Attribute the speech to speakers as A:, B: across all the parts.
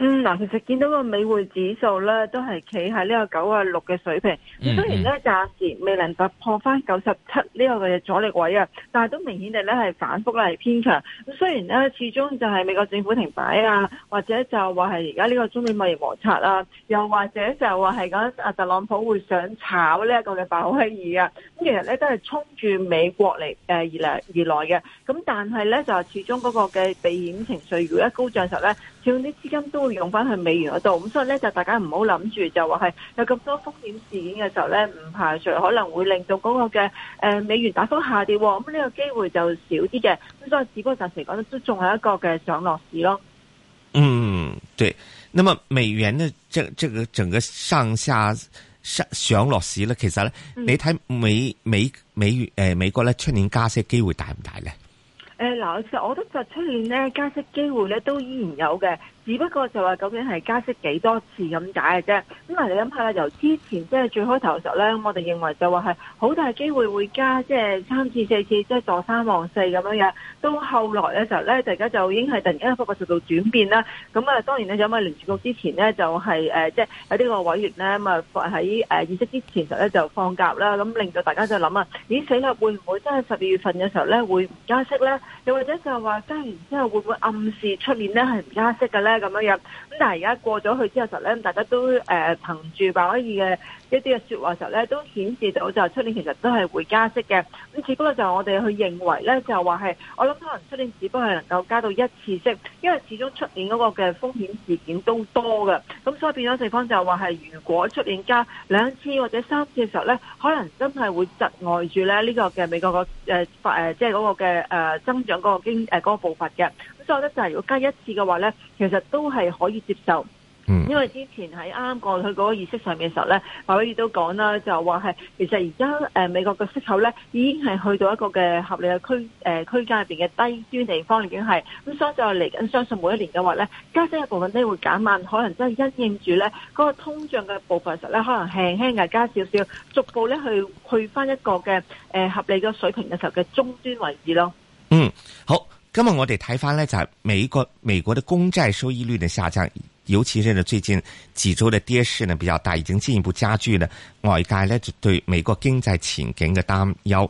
A: 嗯，嗱，其實見到個美匯指數咧，都係企喺呢個九啊六嘅水平。咁雖然咧暫時未能突破翻九十七呢個嘅阻力位啊，但係都明顯地咧係反覆咧係偏強。咁雖然咧始終就係美國政府停擺啊，或者就話係而家呢個中美貿易摩擦啊，又或者就話係講阿特朗普會想炒呢一個嘅鮑威爾啊，咁其實咧都係衝住美國嚟誒而嚟而來嘅。咁但係咧就始終嗰個嘅避險情緒如果一高漲嘅時候咧，始終啲資金都會用翻去美元嗰度，咁所以咧就大家唔好諗住就話係有咁多風險事件嘅時候咧，唔排除可能會令到嗰個嘅誒美元大幅下跌，咁呢個機會就少啲嘅。咁所以只不過暫時講都仲係一個嘅上落市咯。嗯，
B: 對。那麼美元呢，即這個整個上下上落市咧，其實咧，你、嗯、睇美美美誒美國咧出年加息機會大唔大咧？
A: 誒、呃，嗱，其實我覺得就出年呢加息機會咧都依然有嘅。只不過就話究竟係加息幾多次咁解嘅啫。咁啊，你諗下啦，由之前即係、就是、最開頭嘅時候咧，我哋認為就話係好大機會會加，即、就、係、是、三次四次，即係坐三望四咁樣樣。到後來嘅時候咧，大家就已經係突然間一個速度轉變啦。咁啊，當然咧，有咪聯儲局之前呢、就是，就係即係喺呢個委員咧咁啊，喺誒議息之前就咧就放鴿啦。咁令到大家就諗啊，咦死啦，會唔會真係十二月份嘅時候咧會唔加息咧？又或者就係話加息之後會唔會暗示出年咧係唔加息嘅咧？咁樣樣，咁但係而家過咗去之後，實咧，大家都誒憑住鮑威爾嘅一啲嘅說話時候咧都顯示到就係出年其實都係會加息嘅。咁只不過就係我哋去認為咧，就係話係，我諗可能出年只不過係能夠加到一次息，因為始終出年嗰個嘅風險事件都多噶。咁所以變咗地方就係話係，如果出年加兩次或者三次嘅時候咧，可能真係會窒礙住咧呢、呢個嘅美國、呃呃即係、個誒發誒，即係嗰個嘅誒增長嗰個經誒、呃嗰個步伐嘅。覺得就係如果加一次嘅話咧，其實都係可以接受。嗯，因為之前喺啱啱過去嗰個議息上面嘅時候咧，鮑威爾都講啦，就話係其實而家誒美國嘅息口咧已經係去到一個嘅合理嘅區誒區間入邊嘅低端地方已經係咁，所以就嚟緊相信每一年嘅話咧，加息嘅部分都會減慢，可能真係因應住咧嗰個通脹嘅部分嘅時候咧，可能輕輕嘅加少少，逐步咧去去翻一個嘅誒合理嘅水平嘅時候嘅終端位置咯。嗯，
B: 好。咁啊，我哋睇返呢，就係美國美國的公債收益率的下降，尤其是最近幾周的跌勢呢比較大，已經進一步加劇呢外界呢對美國經濟前景嘅擔憂，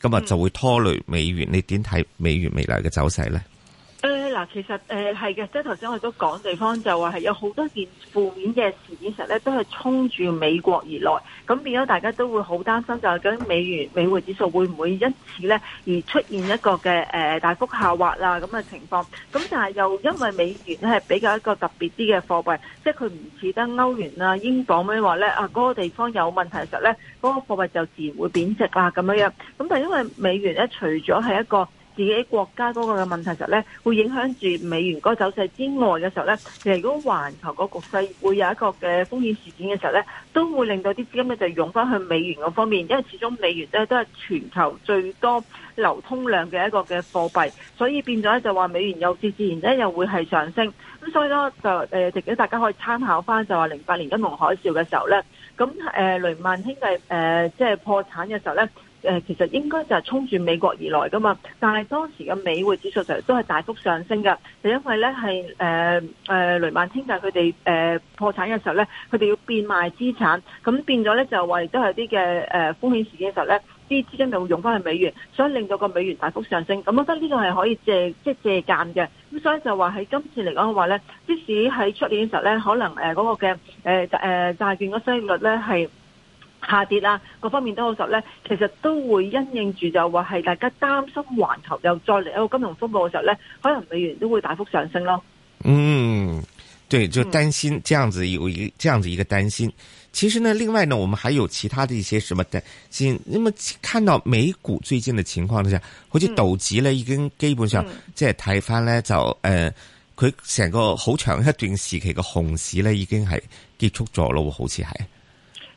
B: 咁啊就會拖累美元。你點睇美元未來嘅走勢呢？
A: 誒、呃、嗱，其實誒係嘅，即係頭先我哋都講地方就話係有好多件負面嘅事件，實咧都係衝住美國而來，咁變咗大家都會好擔心，就係究竟美元、美匯指數會唔會因此咧而出現一個嘅誒、呃、大幅下滑啊咁嘅情況。咁但係又因為美元咧係比較一個特別啲嘅貨幣，即係佢唔似得歐元啦、英鎊咩話咧啊嗰、那個地方有問題嘅時候咧，嗰、那個貨幣就自然會貶值啦咁樣樣。咁但係因為美元咧，除咗係一個自己國家嗰個嘅問題時候咧，會影響住美元嗰個走勢之外嘅時候咧，其實如果環球個局勢會有一個嘅風險事件嘅時候咧，都會令到啲資金咧就湧翻去美元嗰方面，因為始終美元咧都係全球最多流通量嘅一個嘅貨幣，所以變咗咧就話美元又自自然咧又會係上升。咁所以咧就誒，亦都大家可以參考翻就話零八年金融海嘯嘅時候咧，咁誒雷曼兄弟誒即係破產嘅時候咧。誒，其實應該就係衝住美國而來噶嘛，但係當時嘅美匯指數就都係大幅上升噶，就因為咧係誒誒雷曼兄弟佢哋誒破產嘅時候咧，佢哋要變賣資產，咁變咗咧就話亦都係啲嘅誒風險事件嘅時候咧，啲資金就會用翻去美元，所以令到個美元大幅上升。咁我覺得呢個係可以借即係借鑒嘅，咁所以就話喺今次嚟講嘅話咧，即使喺出年嘅時候咧，可能誒嗰個嘅誒誒債券嘅收益率咧係下跌啦、啊，各方面都好受咧。其實都會因應住就話係大家擔心環球又再嚟一個金融風暴嘅時候咧，可能美元都會大幅上升咯。
B: 嗯，對，就擔心這樣子有一個這樣子一個擔心。其實呢，另外呢，我們還有其他的一些什麼擔心。咁啊，看到美股最近嘅情況之下，好似道指咧已經基本上即係睇翻咧就誒，佢成個好長一段時期嘅熊市咧已經係結束咗咯，好似係。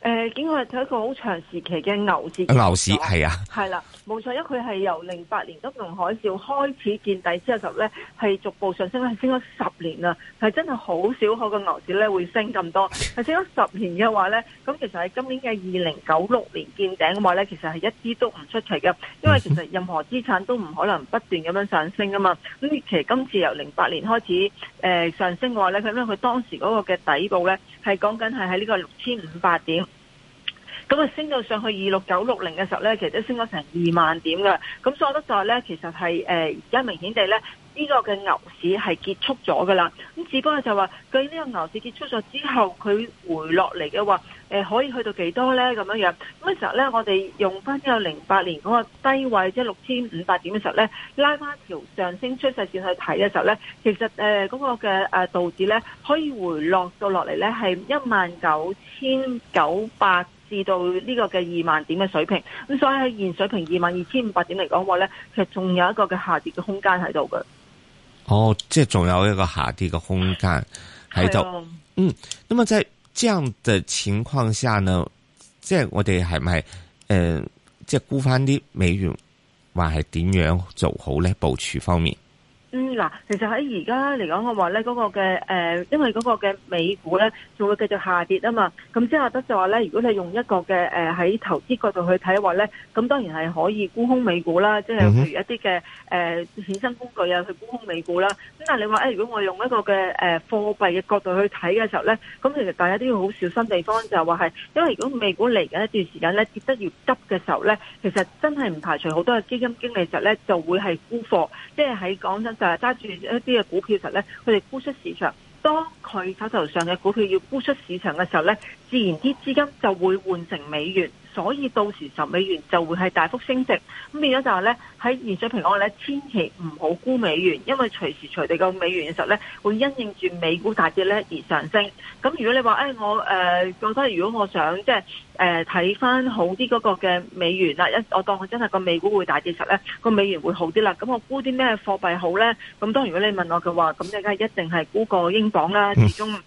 A: 誒、呃，經過係睇一個好長時期嘅牛市，牛市係啊，係啦，冇錯，因為佢係由零八年金融海嘯開始見底之後就呢，就咧係逐步上升咧，升咗十年啊，係真係好少可嘅牛市咧會升咁多，係 升咗十年嘅話咧，咁其實喺今年嘅二零九六年見頂嘅話咧，其實係一啲都唔出奇嘅，因為其實任何資產都唔可能不斷咁樣上升啊嘛，咁其實今次由零八年開始，誒、呃、上升嘅話咧，佢因為佢當時嗰個嘅底部咧係講緊係喺呢個六千五百點。咁啊升到上去二六九六零嘅時候咧，其實都升咗成二萬點嘅。咁所以我都就係咧，其實係誒而家明顯地咧，呢個嘅牛市係結束咗噶啦。咁只不過就話，佢呢個牛市結束咗之後，佢回落嚟嘅話、呃，可以去到幾多咧？咁樣樣咁嘅時候咧，我哋用翻呢個零八年嗰個低位，即係六千五百點嘅時候咧，拉翻條上升趨勢線去睇嘅時候咧，其實嗰、呃嗰個嘅道指咧，可以回落到落嚟咧係一萬九千九百。至到呢個嘅二萬點嘅水平，咁所以喺現水平二萬二千五百點嚟講話咧，其實仲有一個嘅下跌嘅空間喺度嘅。
B: 哦，即係仲有一個下跌嘅空間喺度。嗯，咁那即在這樣嘅情況下呢，即係我哋係咪誒，即係沽返啲美元，還係點樣做好咧部署方面？
A: 嗯嗱，其實喺而家嚟講，我話咧嗰個嘅誒，因為嗰個嘅美股咧，仲會繼續下跌啊嘛。咁即係得就話咧，如果你用一個嘅喺、呃、投資角度去睇話咧，咁當然係可以沽空美股啦。即係譬如一啲嘅誒衍生工具啊，去沽空美股啦。咁但係你話、欸、如果我用一個嘅誒、呃、貨幣嘅角度去睇嘅時候咧，咁其實大家都要好小心地方就話係，因為如果美股嚟緊一段時間咧跌得越急嘅時候咧，其實真係唔排除好多嘅基金經理實咧就會係沽貨，即係喺講真就係揸住一啲嘅股票時，實咧佢哋沽出市場。當佢手頭上嘅股票要沽出市場嘅時候咧，自然啲資金就會換成美元。所以到時十美元就會係大幅升值，咁變咗就係咧喺現水平講咧，千祈唔好沽美元，因為隨時隨地個美元嘅時候咧，會因應住美股大跌咧而上升。咁如果你話誒、哎、我誒覺得如果我想即係誒睇翻好啲嗰個嘅美元啦，一我當佢真係個美股會大跌時咧，個美元會好啲啦。咁我沽啲咩貨幣好咧？咁當然如果你問我嘅話，咁你梗係一定係沽個英鎊啦，始終、嗯。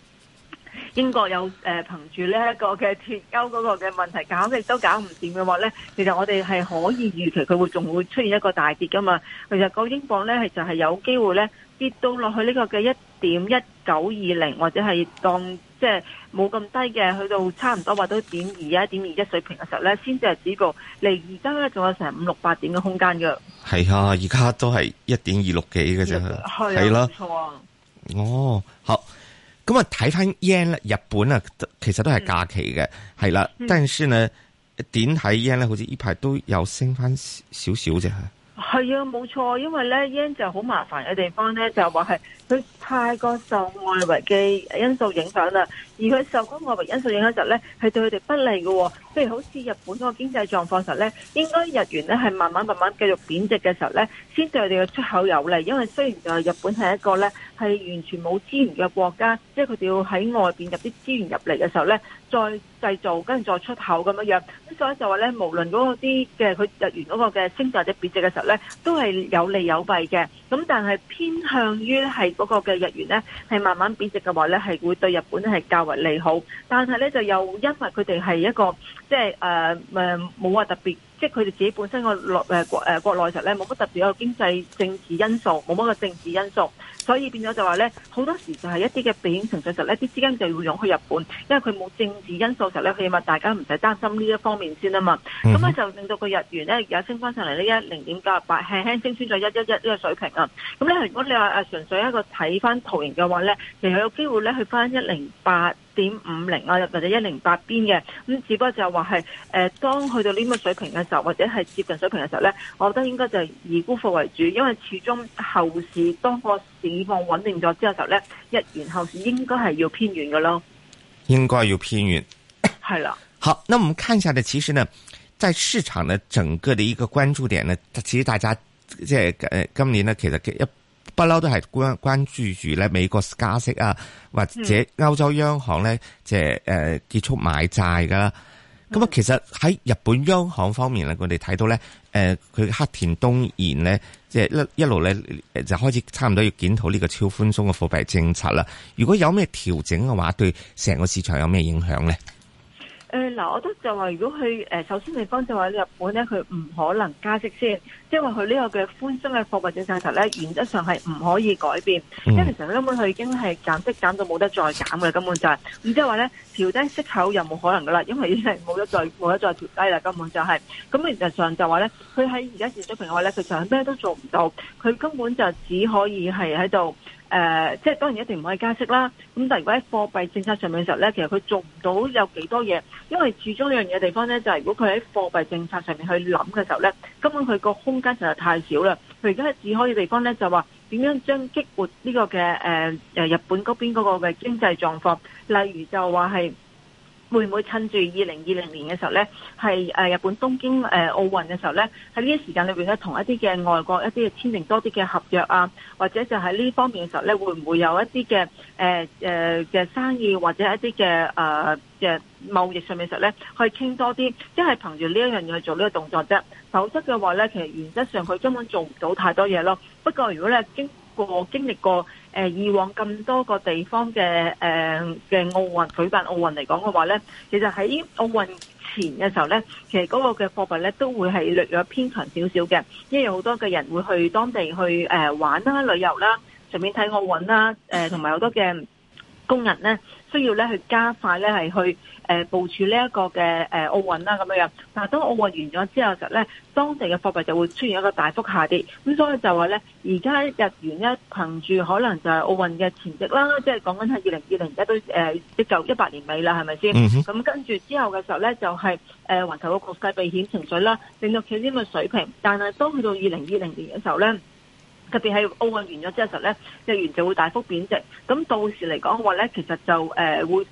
A: 英國有誒憑住呢一個嘅脫歐嗰個嘅問題搞亦都搞唔掂嘅話咧，其實我哋係可以預期佢會仲會出現一個大跌噶嘛。其實個英鎊咧係就係、是、有機會咧跌到落去呢個嘅一點一九二零或者係當即係冇咁低嘅，去到差唔多話到一點二一點二一水平嘅時候咧，先至係止步。嚟，而家咧仲有成五六八點嘅空間噶。係啊，現
B: 在都是而家都係一點二六幾嘅啫，係啦、
A: 啊，
B: 啊，冇錯啊。哦，好。咁啊，睇翻 yen 咧，日本啊，其實都係假期嘅，係、嗯、啦。但算咧，點睇 yen 咧，好似呢排都有升翻少少啫，
A: 係。係啊，冇錯，因為咧 yen 就好麻煩嘅地方咧，就話係佢太過受外圍嘅因素影響啦。而佢受嗰個外圍因素影響時候咧，係對佢哋不利嘅哦。譬如好似日本嗰個經濟狀況時候咧，應該日元咧係慢慢慢慢繼續貶值嘅時候咧，先對佢哋嘅出口有利。因為雖然就日本係一個咧係完全冇資源嘅國家，即係佢哋要喺外邊入啲資源入嚟嘅時候咧，再製造跟住再出口咁樣樣。咁所以就話咧，無論嗰個啲嘅佢日元嗰個嘅升值或者貶值嘅時候咧，都係有利有弊嘅。咁但係偏向於係嗰個嘅日元咧係慢慢貶值嘅話咧，係會對日本係較為利好，但係咧就又因為佢哋係一個即係誒誒，冇話特別，即係佢哋自己本身個內誒國誒、呃、國內實咧冇乜特別嘅經濟政治因素，冇乜嘅政治因素。所以變咗就話咧，好多時就係一啲嘅避險情緒，實咧啲資金就會湧去日本，因為佢冇政治因素嘅時候咧，起碼大家唔使擔心呢一方面先啊嘛。咁、嗯、咧就令到個日元咧而家升翻上嚟，呢一零點九八，輕輕升穿咗一一一呢個水平啊。咁咧，如果你話誒純粹一個睇翻圖形嘅話咧，其實有機會咧去翻一零八點五零啊，或者一零八邊嘅。咁只不過就話係、呃、當去到呢個水平嘅時候，或者係接近水平嘅時候咧，我覺得應該就係以沽貨為主，因為始終後市當市況穩定咗之後就咧，
B: 一年後市應該係要偏軟噶咯，應該要偏軟，係啦。好，那我們看一下咧，其實呢，在市場呢，整個嘅一個關注點呢，其實大家即係誒，今年呢其實一不嬲都係關關注住咧美國加息啊，或者歐洲央行咧、嗯、即係誒、呃、結束買債噶啦。咁啊，其實喺日本央行方面咧，我哋睇到咧。誒佢黑田東彥咧，即係一一路咧就開始差唔多要檢討呢個超寬鬆嘅貨幣政策啦。如果有咩調整嘅話，對成個市場有咩影響咧？
A: 誒、呃、嗱，我覺得就話，如果佢誒首先地方就話日本咧，佢唔可能加息先，即係話佢呢個嘅寬鬆嘅貨幣政策實呢，咧，原則上係唔可以改變，嗯。因為其實根本佢已經係減息減，減，減到冇得再減嘅，根本就係，是。咁即係話咧，調低息口又冇可能噶啦，因為已經冇得再冇得再調低啦，根本就係，是。咁其實上就話咧，佢喺而家時水平嘅話呢，咧，佢就係咩都做唔到，佢根本就只可以係喺度。誒、呃，即係當然一定唔可以加息啦。咁但係如果喺貨幣政策上面嘅時候咧，其實佢做唔到有幾多嘢，因為始終呢樣嘢地方咧，就係、是、如果佢喺貨幣政策上面去諗嘅時候咧，根本佢個空間實在太少啦。佢而家係只可以地方咧，就話點樣將激活呢個嘅誒、呃、日本嗰邊嗰個嘅經濟狀況，例如就話係。會唔會趁住二零二零年嘅時候呢？係日本東京誒、呃、奧運嘅時候呢，喺呢啲時間裏邊咧，同一啲嘅外國一啲嘅簽訂多啲嘅合約啊，或者就喺呢方面嘅時候呢，會唔會有一啲嘅誒誒嘅生意或者一啲嘅誒嘅貿易上面嘅時候呢，去傾多啲？即、就、係、是、憑住呢一樣嘢去做呢個動作啫，否則嘅話呢，其實原則上佢根本做唔到太多嘢咯。不過如果你經過經歷過。誒以往咁多個地方嘅誒嘅奧運舉辦奧運嚟講嘅話咧，其實喺奧運前嘅時候咧，其實嗰個嘅貨幣咧都會係略略偏強少少嘅，因為好多嘅人會去當地去、呃、玩啦、旅遊啦、順便睇奧運啦，誒同埋好多嘅。工人咧需要咧去加快咧係去誒部署呢一個嘅誒奧運啦咁樣樣，但係當奧運完咗之後嘅咧，當地嘅貨幣就會出現一個大幅下跌，咁所以就話咧，而家日元一憑住可能就係奧運嘅前夕啦，即係講緊係二零二零都誒接近一百年尾啦，係咪先？咁、嗯、跟住之後嘅時候咧，就係誒環球嘅國際避險情緒啦，令到佢啲嘅水平，但係當去到二零二零年嘅時候咧。特別係奧運完咗之後咧，日元就會大幅貶值。咁到時嚟講話咧，其實就誒會、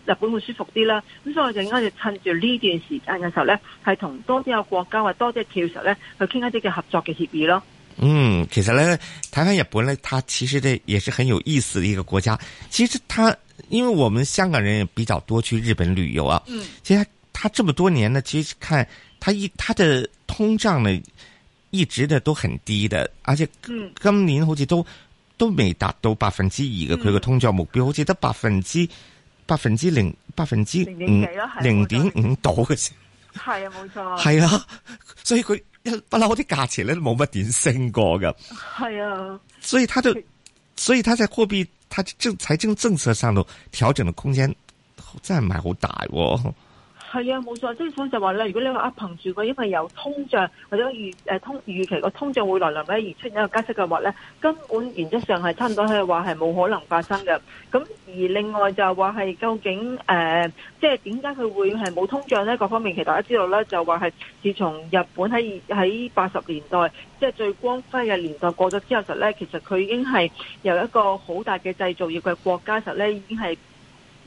A: 呃、日本會舒服啲啦。咁所以我就應該趁住呢段時間嘅時候咧，係同多啲嘅國家或多啲嘅企業實咧去傾一啲嘅合作嘅協議咯。嗯，
B: 其實咧睇翻日本咧，它其實嘅也是很有意思嘅一個國家。其實它因為我們香港人也比較多去日本旅遊啊。嗯。其實它，它這麼多年呢，其實看它一它的通脹呢。一直的都很低的，而且今年好似都、嗯、都未達到、嗯、百分之二嘅佢個通脹目標，好似得百分之百分之零百分之零點零點五度嘅啫。係啊，
A: 冇錯。係啊，
B: 所以佢不嬲啲價錢咧都冇乜點升過噶
A: 係啊，所以
B: 佢就所以佢在貨幣、他政財政政策上度調整嘅空間真係唔係好大喎。
A: 係啊，冇錯，即係款就話、是、咧，如果你話啊憑住個因為有通脹或者預誒通預期個通脹會來臨咧而出現一個加息嘅話咧，根本原則上係差唔多。佢係話係冇可能發生嘅。咁而另外就話係究竟誒，即係點解佢會係冇通脹咧？各方面其實大家知道咧，就話係自從日本喺喺八十年代即係、就是、最光輝嘅年代過咗之後，實咧其實佢已經係由一個好大嘅製造業嘅國家實咧已經係。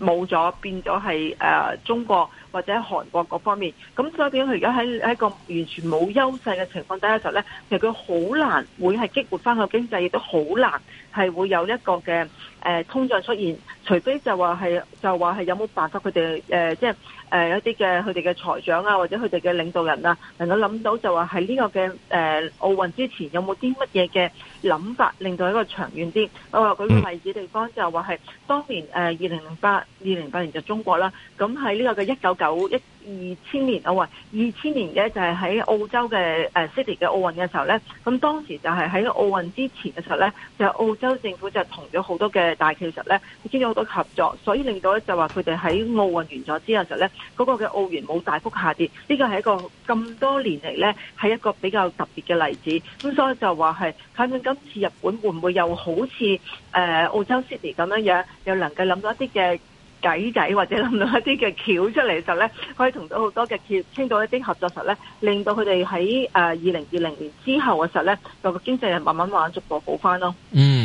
A: 冇咗，變咗係誒中國或者韓國各方面，咁所以變咗佢而家喺喺一個完全冇優勢嘅情況底下嘅時候咧，其實佢好難會係激活翻個經濟，亦都好難係會有一個嘅。誒通脹出現，除非就話係就話係有冇辦法佢哋誒即係誒一啲嘅佢哋嘅財長啊，或者佢哋嘅領導人啊，能夠諗到就話喺呢個嘅誒、呃、奧運之前有冇啲乜嘢嘅諗法令到一個長遠啲？我話舉個例子地方就話係當年誒二零零八二零八年就中國啦，咁喺呢個嘅一九九一。二千年，我年的的奧運，二千年嘅就係喺澳洲嘅誒 Sydney 嘅奧運嘅時候咧，咁當時就係喺奧運之前嘅時候咧，就澳洲政府就同咗好多嘅大企業實咧，簽咗好多合作，所以令到咧就話佢哋喺奧運完咗之後嘅時候咧，嗰、那個嘅澳元冇大幅下跌，呢個係一個咁多年嚟咧係一個比較特別嘅例子。咁所以就話係，睇下今次日本會唔會又好似誒、呃、澳洲 Sydney 咁樣樣，又能夠諗到一啲嘅。計仔或者諗到一啲嘅橋出嚟嘅時候咧，可以同到好多嘅企業，傾到一啲合作實咧，令到佢哋喺誒二零二零年之後嘅時候咧，個經濟又慢慢慢慢逐步好翻咯。嗯。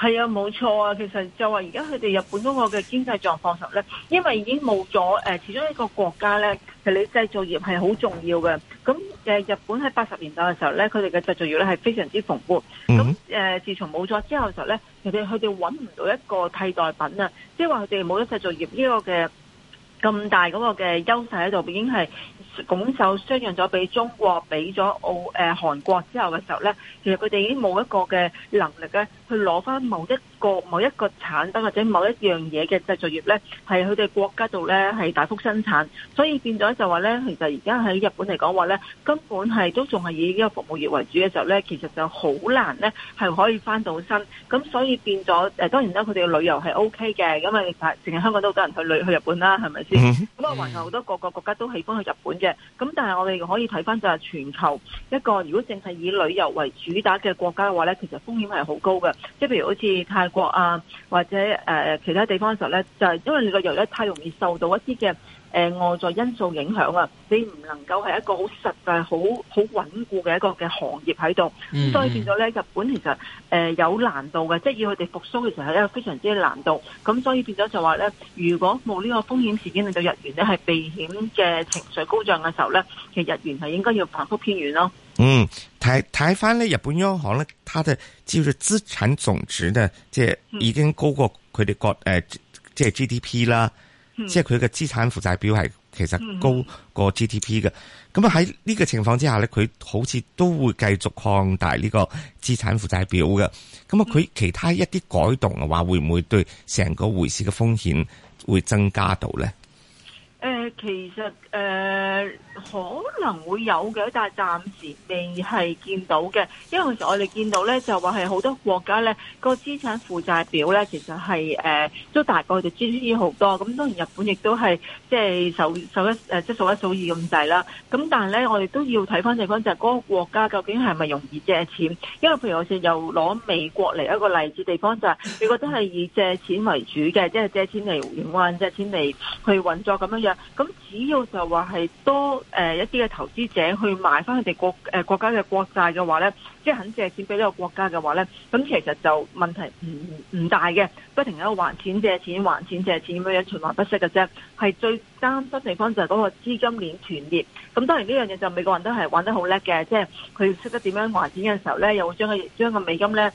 A: 係啊，冇錯啊，其實就話而家佢哋日本嗰個嘅經濟狀況時候咧，因為已經冇咗、呃、始終一個國家咧，其實你製造業係好重要嘅。咁、呃、日本喺八十年代嘅時候咧，佢哋嘅製造業咧係非常之蓬勃。咁、呃、自從冇咗之後嘅時候咧，其實佢哋揾唔到一個替代品啊，即係話佢哋冇咗製造業呢個嘅咁大嗰個嘅優勢喺度，已經係拱手相讓咗俾中國，俾咗澳誒韓、呃、國之後嘅時候咧，其實佢哋已經冇一個嘅能力咧，去攞翻某啲。個某一個產品或者某一樣嘢嘅製造業咧，係佢哋國家度咧係大幅生產，所以變咗就話咧，其實而家喺日本嚟講話咧，根本係都仲係以呢個服務業為主嘅時候咧，其實就好難咧係可以翻到身。咁所以變咗誒，當然啦，佢哋嘅旅遊係 OK 嘅，因為淨係香港都好多人去旅去日本啦，係咪先？咁啊，還有好多各個國家都喜歡去日本嘅。咁但係我哋可以睇翻就係全球一個，如果淨係以旅遊為主打嘅國家嘅話咧，其實風險係好高嘅。即係譬如好似泰國啊，或者誒、呃、其他地方嘅時候咧，就係、是、因為你個油咧太容易受到一啲嘅。誒、呃，外在因素影響啊，你唔能夠係一個好實在、好好穩固嘅一個嘅行業喺度，所以變咗咧，日本其實誒、呃、有難度嘅，即係要佢哋復甦嘅時候係一個非常之難度，咁、嗯、所以變咗就話咧，如果冇呢個風險事件令到日元咧係避險嘅情緒高漲嘅時候咧，其實日元係應該要反復偏軟咯。嗯，
B: 睇睇翻咧，日本央行咧，佢嘅叫做資產總值咧，即係已經高過佢哋國誒，即係 GDP 啦。即係佢嘅資產負債表係其實高過 GDP 嘅，咁啊喺呢個情況之下咧，佢好似都會繼續擴大呢個資產負債表嘅。咁啊，佢其他一啲改動嘅話，會唔會對成個匯市嘅風險會增加到咧？
A: 誒、呃，其實誒、呃、可能會有嘅，但係暫時未係見到嘅。因為我哋見到咧，就話係好多國家咧、個資產負債表咧，其實係誒、呃、都大概就支出好多。咁當然日本亦都係即係首受一誒即係數一數二咁滯啦。咁但係咧，我哋都要睇翻地方就係、是、嗰個國家究竟係咪容易借錢？因為譬如我哋又攞美國嚟一個例子，地方就係美國都係以借錢為主嘅，即係借錢嚟還債、借錢嚟去運作咁樣樣。咁只要就話係多誒一啲嘅投資者去買翻佢哋國誒國家嘅國債嘅話咧，即係肯借錢俾呢個國家嘅話咧，咁其實就問題唔唔大嘅，不停喺度還錢借錢還錢借錢咁樣循環不息嘅啫。係最擔心地方就係嗰個資金鏈斷裂。咁當然呢樣嘢就美國人都係玩得好叻嘅，即係佢識得點樣還錢嘅時候咧，又會將個將個美金咧。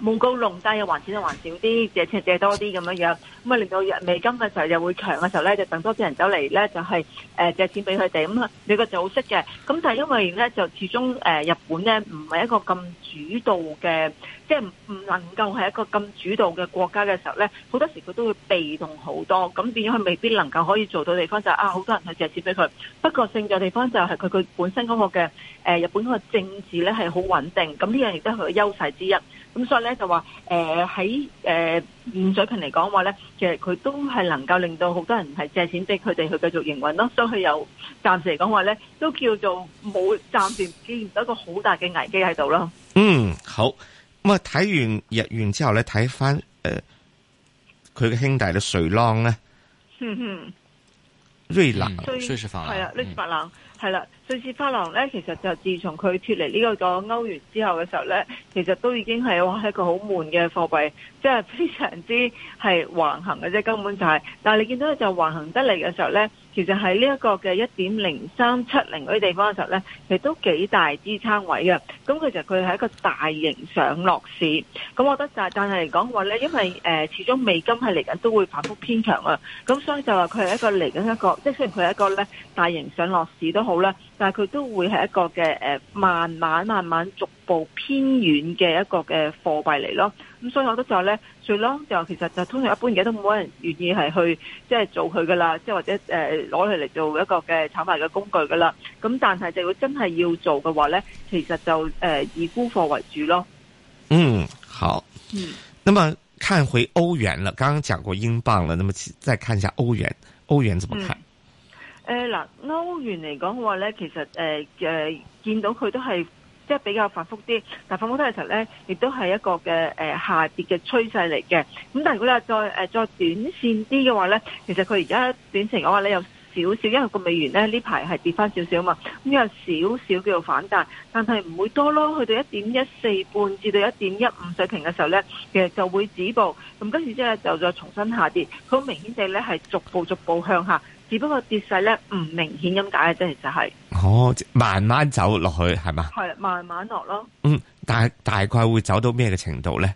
A: 冇高融低又還錢就還少啲，借錢借，借多啲咁樣樣，咁啊令到美金嘅時候又會強嘅時候咧，就等多啲人走嚟咧，就係誒借錢俾佢哋咁啊，呢個就好識嘅。咁但係因為咧就始終日本咧唔係一個咁主導嘅，即係唔能夠係一個咁主導嘅國家嘅時候咧，好多時佢都會被動好多，咁變咗佢未必能夠可以做到地方就係、啊，好多人去借錢俾佢。不過勝在地方就係佢佢本身嗰個嘅日本嗰個政治咧係好穩定，咁呢樣亦都係佢嘅優勢之一。咁、嗯、所以咧就、呃呃、話，誒喺誒潛水群嚟講話咧，其實佢都係能夠令到好多人係借錢俾佢哋去繼續營運咯，所以佢又暫時嚟講話咧，都叫做冇暫時見唔到一個好大嘅危機喺度咯。嗯，
B: 好，咁啊睇完日元之後咧，睇翻誒佢嘅兄弟嘅瑞郎咧。 瑞士法郎係啊，瑞士法
A: 郎係啦，瑞士法郎咧、嗯，其實就自從佢脫離呢個咗歐元之後嘅時候咧，其實都已經係話係一個好悶嘅貨幣，即係非常之係橫行嘅啫，根本就係、是。但係你見到佢就橫行得嚟嘅時候咧。其實喺呢一個嘅一點零三七零嗰啲地方嘅時候咧，其實都幾大支撐位嘅。咁其實佢係一個大型上落市。咁我覺得就係、是，但係嚟講話咧，因為誒、呃、始終美金係嚟緊都會反復偏強啊。咁所以就話佢係一個嚟緊一個，即係雖然佢係一個咧大型上落市都好啦，但係佢都會係一個嘅誒慢慢慢慢逐步偏遠嘅一個嘅貨幣嚟咯。咁所以我都就話咧，算咯，就其實就通常一般而家都冇乜人願意係去即係、就是、做佢噶啦，即係或者誒攞佢嚟做一個嘅炒賣嘅工具噶啦。咁但係就如果真係要做嘅話咧，其實就誒、呃、以沽貨為主咯。嗯，
B: 好。嗯，咁啊，看回歐元了，剛剛講過英鎊了，那麼再看一下歐元，歐元怎麼看？
A: 誒、嗯、嗱，歐、呃、元嚟講嘅話咧，其實誒誒、呃呃、見到佢都係。即係比較繁複啲，但反繁複時呢都係其實咧，亦都係一個嘅下跌嘅趨勢嚟嘅。咁但係如果你話再再短線啲嘅話咧，其實佢而家短程嘅話咧有少少，因為個美元咧呢排係跌翻少少啊嘛，咁有少少叫做反彈，但係唔會多咯。去到一點一四半至到一點一五水平嘅時候咧，其實就會止步，咁跟住之後就再重新下跌。佢好明顯地咧係逐步逐步向下。只不過跌勢咧唔明顯咁解啫，其實係
B: 哦，慢慢走落去係嘛？
A: 係慢慢落咯。嗯，
B: 但係大概會走到咩嘅程度咧？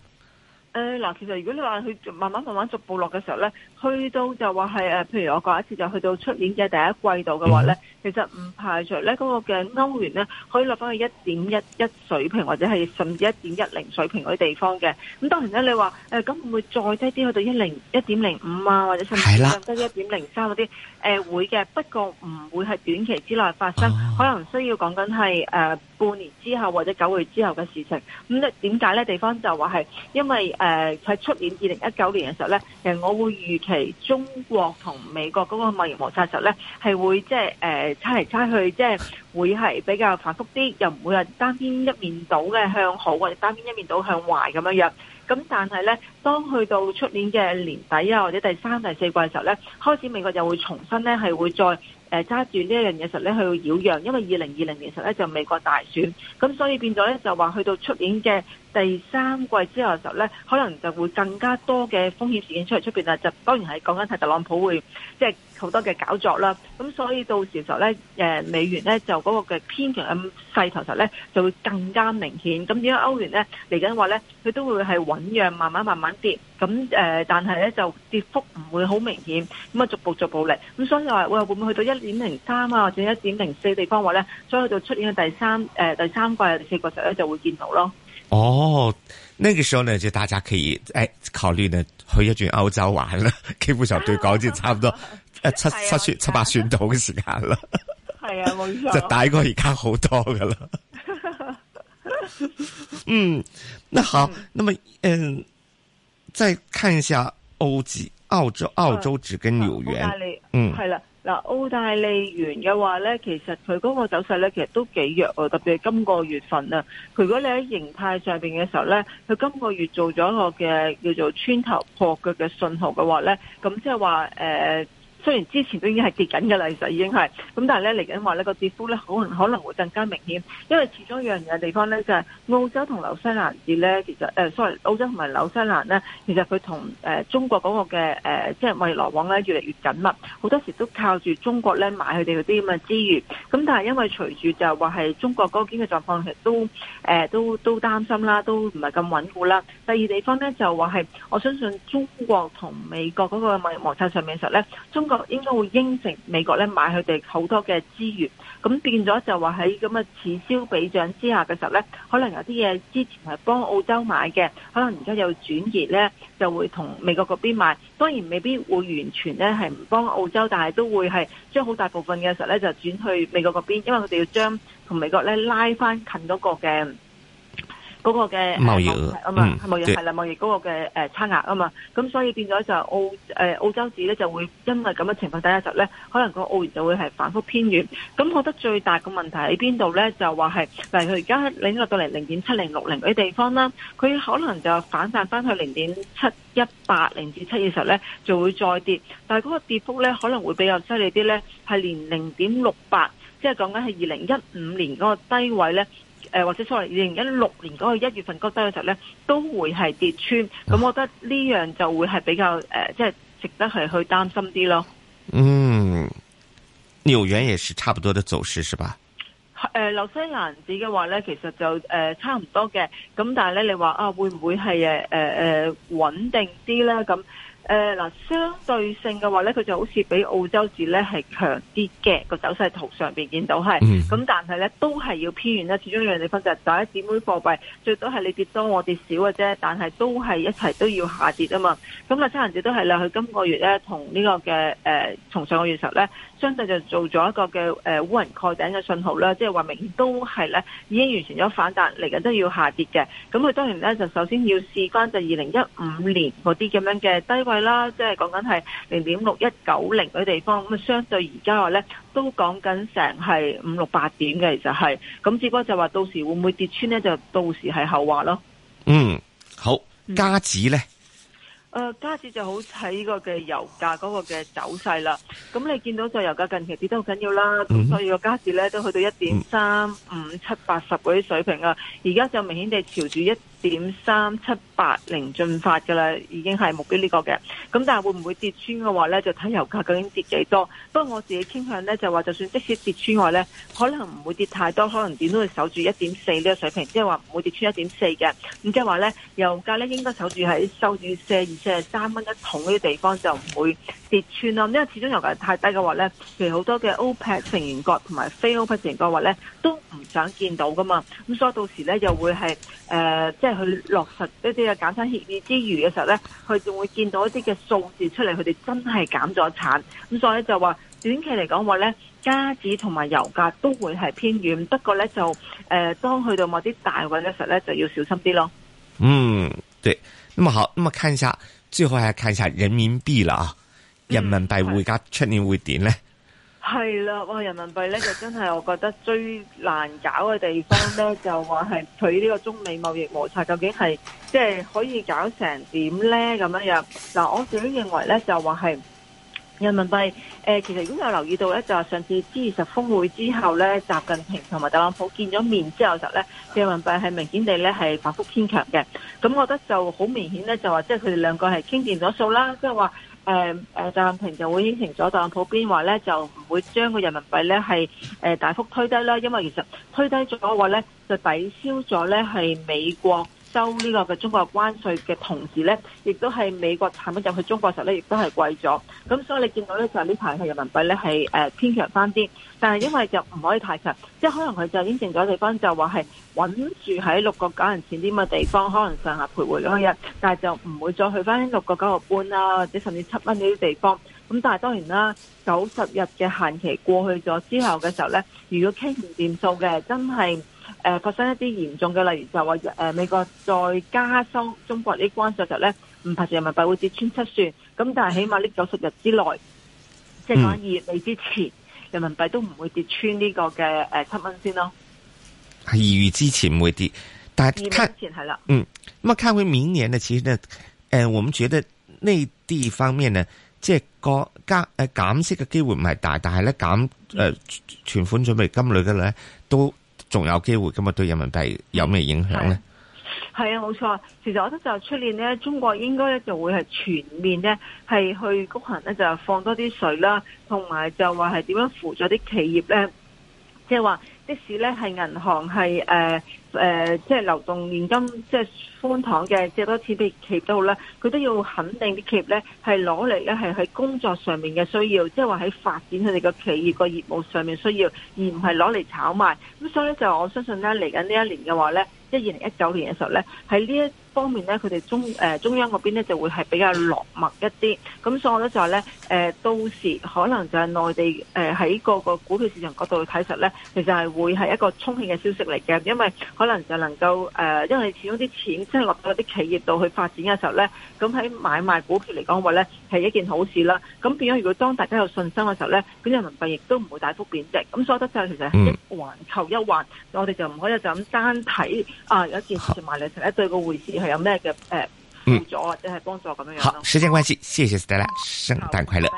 A: 誒，嗱，其實如果你話去慢慢慢慢逐步落嘅時候咧，去到就話係誒，譬如我講一次就去到出年嘅第一季度嘅話咧。嗯其實唔排除呢嗰個嘅歐元呢，可以落翻去一點一一水平，或者係甚至一點一零水平嗰啲地方嘅。咁當然咧，你話咁會唔會再低啲去到一零一點零五啊，或者甚至更低一點零三嗰啲？誒、呃、會嘅，不過唔會係短期之內發生，可能需要講緊係誒半年之後或者九月之後嘅事情。咁咧點解呢？地方就話係因為誒喺出年二零一九年嘅時候呢，其實我會預期中國同美國嗰個貿易摩擦時候呢係會即係、呃猜嚟猜去，即係會係比較反覆啲，又唔會係單邊一面倒嘅向好，或者單邊一面倒向壞咁樣樣。咁但係呢，當去到出年嘅年底啊，或者第三、第四季嘅時候呢，開始美國又會重新呢係會再誒揸住呢一樣嘢實咧去擾攘，因為二零二零年實呢就美國大選，咁所以變咗呢，就話去到出年嘅。第三季之後嘅時候咧，可能就會更加多嘅風險事件出嚟、出邊啦，就當然係講緊係特朗普會即係好多嘅搞作啦。咁所以到時候咧，美元咧就嗰個嘅偏強嘅勢頭時候咧就會更加明顯。咁點解歐元咧嚟緊話咧，佢都會係醞釀慢慢慢慢跌。咁誒，但係咧就跌幅唔會好明顯。咁啊，逐步逐步嚟。咁所以話、哎、會唔會去到一點零三啊，或者一點零四地方話咧，所以就出現嘅第三誒、呃、第三季第四季時候咧就會見到咯。
B: 哦，那個時候呢，就大家可以誒考慮呢去一轉澳洲玩啦，基本上對港就差不多誒、啊呃、七七選、哎、七八選到嘅時間啦，係
A: 啊，冇錯，就抵過而
B: 家好多噶啦。嗯，那好，嗯、那麼嗯，再看一下歐幾澳洲澳洲只跟紐元，
A: 嗯，係啦。嗱，澳大利元嘅話咧，其實佢嗰個走勢咧，其實都幾弱喎，特別係今個月份啊。佢如果你喺形態上面嘅時候咧，佢今個月做咗一個嘅叫做穿頭破腳嘅信號嘅話咧，咁即係話誒雖然之前都已經係跌緊嘅啦，其實已經係咁，但係咧嚟緊話呢個跌幅咧可能可能會更加明顯，因為始終一樣嘢地方咧就係、是、澳洲同紐西蘭跌咧，其實誒、呃、sorry，澳洲同埋紐西蘭咧，其實佢同誒中國嗰個嘅誒即係貿易來往咧越嚟越緊密，好多時都靠住中國咧買佢哋嗰啲咁嘅資源。咁但係因為隨住就話係中國嗰個經濟狀況係都誒、呃、都都擔心啦，都唔係咁穩固啦。第二地方咧就話係我相信中國同美國嗰個貿易摩擦上面嘅時候咧，中國。應該會應承美國咧買佢哋好多嘅資源，咁變咗就話喺咁嘅此消彼長之下嘅時候咧，可能有啲嘢之前係幫澳洲買嘅，可能而家又轉移咧就會同美國嗰邊買，當然未必會完全咧係唔幫澳洲，但係都會係將好大部分嘅時候咧就轉去美國嗰邊，因為佢哋要將同美國咧拉翻近嗰個嘅。嗰、那個嘅貿易啊嘛，貿易係啦，貿易嗰、嗯、個嘅誒差額啊嘛，咁所以變咗就澳澳洲紙咧就會因為咁嘅情況底下就咧，可能個澳元就會係反覆偏軟。咁我覺得最大嘅問題喺邊度咧？就話係，例如佢而家領落到嚟零點七零六零嗰啲地方啦，佢可能就反彈翻去零點七一八、零點七二嘅時候咧就會再跌，但係嗰個跌幅咧可能會比較犀利啲咧，係連零點六八，即係講緊係二零一五年嗰個低位咧。誒、呃，或者所謂二零一六年嗰個一月份高點嘅時候咧，都會係跌穿，咁、啊、我覺得呢樣就會係比較誒，即、呃、係值得係去擔心啲咯。嗯，
B: 紐元也是差不多的走勢，是吧？
A: 誒、呃，紐西蘭紙嘅話咧，其實就誒、呃、差唔多嘅，咁但係咧，你話啊會唔會係誒誒誒穩定啲咧？咁、嗯？誒、呃、嗱，相對性嘅話咧，佢就好似比澳洲紙咧係強啲嘅個走勢圖上面見到係，咁、嗯、但係咧都係要偏遠咧，始終兩地分析第一姊妹貨幣，最多係你跌多我跌少嘅啫，但係都係一齊都要下跌啊嘛。咁亞洲銀紙都係啦，佢今個月咧同呢個嘅誒，從、呃、上個月時候咧，相對就做咗一個嘅誒烏雲蓋頂嘅信號啦，即係話明顯都係咧已經完成咗反彈，嚟緊都要下跌嘅。咁、嗯、佢當然咧就首先要試關就二零一五年嗰啲咁樣嘅低位。係啦，即係講緊係零點六一九零嗰啲地方，咁啊相對而家話咧，都講緊成係五六八點嘅，其實係，咁只不過就話到時會唔會跌穿咧，就到時係後話咯。嗯，
B: 好，加紙咧，
A: 誒、嗯，加紙就好睇個嘅油價嗰個嘅走勢啦。咁你見到就油價近期跌得好緊要啦，咁、嗯、所以個加紙咧都去到一點三五七八十嗰啲水平啊，而家就明顯地朝住一。點三七八零進發㗎啦，已經係目標呢個嘅。咁但係會唔會跌穿嘅話呢？就睇油價究竟跌幾多。不過我自己傾向呢，就話，就算即使跌穿外呢，可能唔會跌太多，可能點都會守住一點四呢個水平，即係話唔會跌穿一點四嘅。咁即係話呢，油價呢應該守住喺收住四二四三蚊一桶呢啲地方就唔會跌穿啦，因為始終油價太低嘅話咧，其實好多嘅 OPEC 成員國同埋非 OPEC 成員國話咧都唔想見到噶嘛，咁所以到時咧又會係誒即係去落實一啲嘅減產協議之餘嘅時候咧，佢仲會見到一啲嘅數字出嚟，佢哋真係減咗產，咁所以就話短期嚟講話咧，加指同埋油價都會係偏軟，不過咧就誒、呃、當去到某啲大運嘅時候咧，就要小心啲咯。嗯，
B: 對，那麼好，那麼看一下最後，還要看一下人民幣啦啊。人民幣匯價出年會點咧？
A: 係啦，哇人民幣咧就真係，我覺得最難搞嘅地方咧，就話係佢呢個中美貿易摩擦究竟係即係可以搞成點咧咁樣樣。嗱，我自己認為咧就話係人民幣誒，其實如果有留意到咧，就話上次 G 二十峰會之後咧，習近平同埋特朗普見咗面之後就咧，人民幣係明顯地咧係反復偏強嘅。咁我覺得就好明顯咧，就話即係佢哋兩個係傾掂咗數啦，即係話。誒、呃、誒，習近平就會應承咗，但普遍話咧就唔會將個人民幣咧係誒大幅推低啦，因為其實推低咗嘅話咧就抵消咗咧係美國。收呢個嘅中國嘅關稅嘅同時呢，亦都係美國產品入去中國嘅時候呢，亦都係貴咗。咁所以你見到呢，就係呢排嘅人民幣呢係誒偏強翻啲，但係因為就唔可以太強，即係可能佢就堅定咗地方，就話係穩住喺六個九人錢啲咁嘅地方，可能上下徘徊兩日，但係就唔會再去翻六個九個半啦，或者甚至七蚊呢啲地方。咁但係當然啦，九十日嘅限期過去咗之後嘅時候呢，如果傾唔掂數嘅，真係。誒發生一啲嚴重嘅，例如就話誒美國再加收中國啲關稅就咧，唔排除人民幣會跌穿七算。咁但係起碼呢九十日之內，嗯，即係講二月尾之前，人民幣都唔會跌穿呢個嘅誒七蚊先
B: 咯。二月之前唔會跌，但係二月之前係啦。嗯，咁啊，看回明年咧，其實咧，誒、呃，我們覺得內地方面咧，借個減誒減息嘅機會唔係大，但係咧減誒存款準備金率嘅咧都。仲有機會，今日對人民幣有咩影響呢？
A: 係啊，冇錯。其實我覺得就出年呢，中國應該咧就會係全面呢，係去谷行咧，就係放多啲水啦，同埋就話係點樣扶助啲企業呢，即係話。即使咧係銀行係誒誒，即係、呃呃就是、流動現金，即係寬敞嘅借多錢俾企業都好啦，佢都要肯定啲企業咧係攞嚟咧係喺工作上面嘅需要，即係話喺發展佢哋個企業個業務上面需要，而唔係攞嚟炒賣。咁所以咧就我相信咧嚟緊呢來這一年嘅話咧。一二零一九年嘅時候咧，喺呢一方面咧，佢哋中誒、呃、中央嗰邊咧就會係比較落墨一啲，咁所以我覺得就係咧誒，到時可能就係內地誒喺個個股票市場角度去睇實咧，其實係會係一個充氣嘅消息嚟嘅，因為可能就能夠誒、呃，因為始終啲錢，即係落到啲企業度去發展嘅時候咧，咁喺買賣股票嚟講話咧係一件好事啦。咁變咗，如果當大家有信心嘅時候咧，咁人民幣亦都唔會大幅貶值。咁所以我覺得就係其實係一環扣一環，mm. 我哋就唔可以就咁單睇。啊、嗯！有件事情，埋你一，對個會事係有咩嘅誒，輔助咗或者係幫助咁樣樣。好，
B: 時間關係，謝謝 Stella，聖誕快樂。